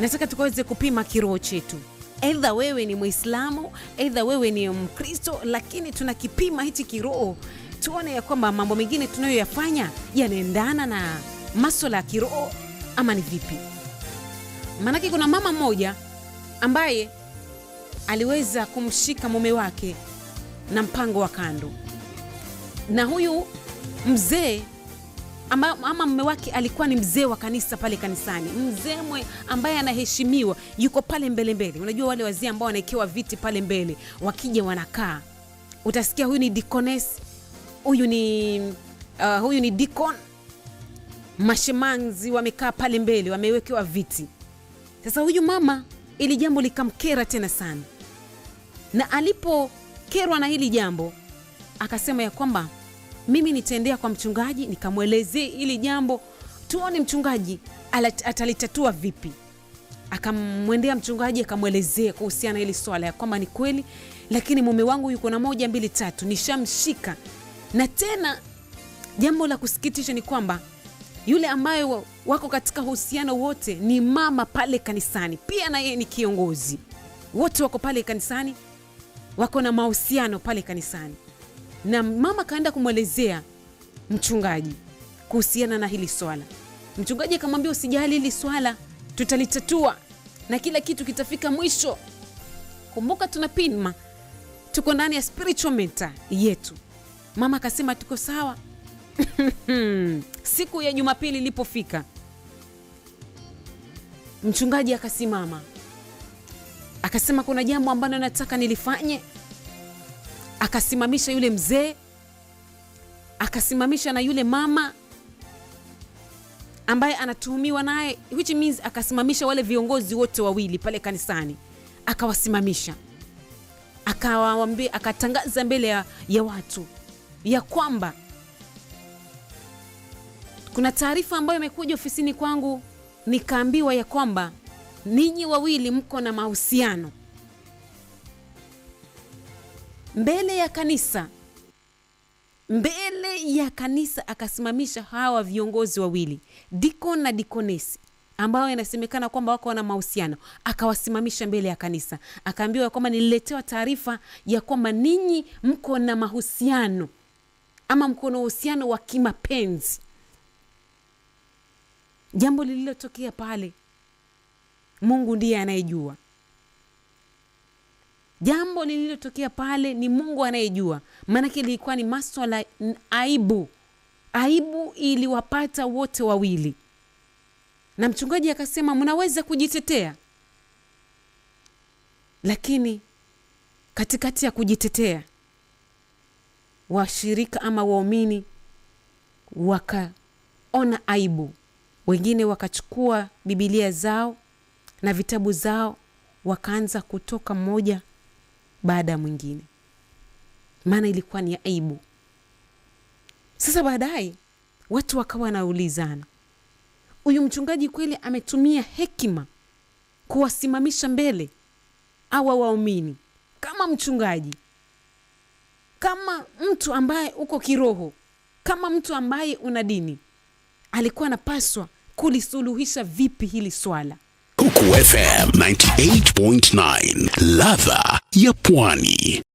nataka tukaweze kupima kiroho chetu Aidha wewe ni Mwislamu, aidha wewe ni Mkristo, lakini tunakipima hichi kiroho, tuone ya kwamba mambo mengine tunayoyafanya yanaendana na maswala ya kiroho ama ni vipi. Maanake kuna mama mmoja ambaye aliweza kumshika mume wake na mpango wa kando, na huyu mzee ama, ama mme wake alikuwa ni mzee wa kanisa pale kanisani, mzee mwe ambaye anaheshimiwa, yuko pale mbele mbele. Unajua wale wazee ambao wanaekewa viti pale mbele, wakija wanakaa, utasikia huyu ni dikones huyu ni uh, huyu ni dikon Mashemanzi wamekaa pale mbele, wamewekewa viti. Sasa huyu mama, ili jambo likamkera tena sana, na alipokerwa na hili jambo akasema ya kwamba mimi nitaendea kwa mchungaji nikamwelezee ili jambo, tuone mchungaji atalitatua vipi. Akamwendea mchungaji akamwelezea kuhusiana hili swala ya kwamba ni kweli, lakini mume wangu yuko na moja mbili tatu, nishamshika. Na tena jambo la kusikitisha ni kwamba yule ambaye wako katika uhusiano wote ni mama pale kanisani, pia na yeye ni kiongozi, wote wako pale kanisani, wako na mahusiano pale kanisani na mama kaenda kumwelezea mchungaji kuhusiana na hili swala. Mchungaji akamwambia, usijali hili swala tutalitatua na kila kitu kitafika mwisho. Kumbuka tunapima, tuko ndani ya spiritual mentor yetu. Mama akasema tuko sawa. Siku ya Jumapili ilipofika, mchungaji akasimama akasema, kuna jambo ambalo nataka nilifanye akasimamisha yule mzee, akasimamisha na yule mama ambaye anatuhumiwa naye, which means akasimamisha wale viongozi wote wawili pale kanisani, akawasimamisha, akawaambia, akatangaza mbele ya, ya watu ya kwamba kuna taarifa ambayo imekuja ofisini kwangu, nikaambiwa ya kwamba ninyi wawili mko na mahusiano mbele ya kanisa mbele ya kanisa akasimamisha hawa viongozi wawili dikon na dikonesi ambayo inasemekana kwamba wako wana mahusiano akawasimamisha mbele ya kanisa akaambiwa kwamba nililetewa taarifa ya kwamba ninyi mko na mahusiano ama mko na uhusiano wa kimapenzi jambo lililotokea pale mungu ndiye anayejua jambo lililotokea pale ni mungu anayejua maanake lilikuwa ni maswala aibu aibu iliwapata wote wawili na mchungaji akasema mnaweza kujitetea lakini katikati ya kujitetea washirika ama waumini wakaona aibu wengine wakachukua bibilia zao na vitabu zao wakaanza kutoka mmoja baada ya mwingine, maana ilikuwa ni aibu. Sasa baadaye watu wakawa wanaulizana, huyu mchungaji kweli ametumia hekima kuwasimamisha mbele awa waumini kama mchungaji, kama mtu ambaye uko kiroho, kama mtu ambaye una dini, alikuwa anapaswa kulisuluhisha vipi hili swala? Kuku FM 98.9 ladha ya pwani.